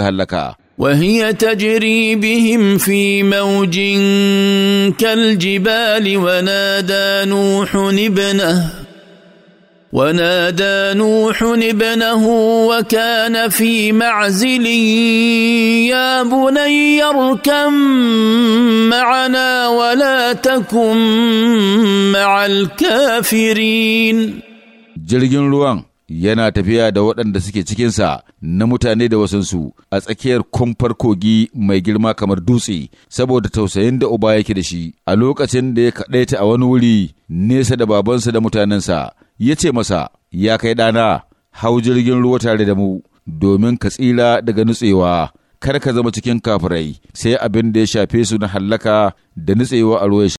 لك وهي تجري بهم في موج كالجبال ونادى نوح ابنه ونادى نوح ابنه وكان في معزل يا بني اركم معنا ولا تكن مع الكافرين جلجن ruwan yana tafiya da waɗanda suke cikinsa na mutane da wasansu a tsakiyar kumfar kogi mai girma kamar dutse saboda tausayin da uba yake da shi a lokacin da ya kaɗaita a wani wuri nesa da babansa da mutanensa ya ce masa ya kai ɗana hau jirgin ruwa tare da mu domin ka tsira daga nutsewa kar ka zama cikin kafirai sai abin da ya shafe su na hallaka da nutsewa a ruwa